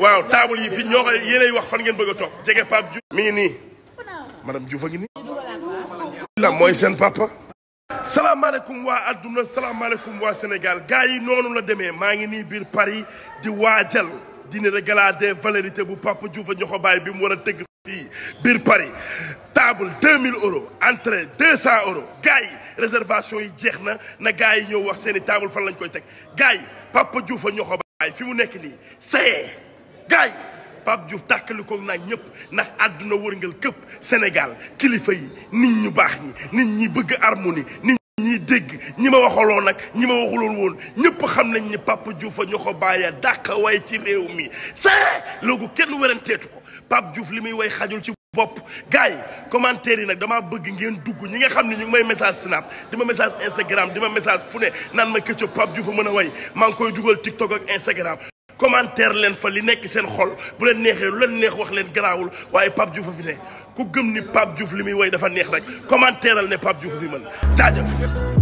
waaw taabul yi fi ñoo ko yéenay wax fan ngeen bëgg a toog jege Pape Diouf mi ngi nii madame Diouf a ngi nii la mooy seen papa salaamaaleykum waa adduna salaamaaleykum waa Sénégal gars yi noonu la demee maa ngi nii biir Paris di waajal dina de gala des valérités bu Papa Diouf a ñoxo baay bi mu war a tëgg fii biir Paris table 2000 euros entrée 200 euros gars yi réservation yi jeex na na gars yi ñëw wax seen i table fan lañ koy teg gars yi Papa Diouf a ñoxo baay fi mu nekk nii saye gaay Pape Diouf tàkkali ko naag ñëpp ndax àdduna wërngal këpp Sénégal kilifa yi nit ñu baax ñi nit ñi bëgg harmonie nit ñi dégg ñi ma waxaloon nag ñi ma waxuloon woon ñëpp xam nañ ni Pape Diouf a ñu ko bàyyi dàq way ci réew mi sa loogu kenn weranteetu ko Pape Diouf li muy way xajul ci bopp gars yi commentaire yi nag dama bëgg ngeen dugg ñi nga xam ne ñu may message snap di ma message Instagram di ma message fu ne nan ma Ketchup Pape Diouf a mën a way maa ngi koy dugal TikTok ak Instagram commentaire len fa li nek sen xol bu len neexee lu les wax Diouf fi ne ni Pape Diouf dafa commentaire al ne Pape Diouf fi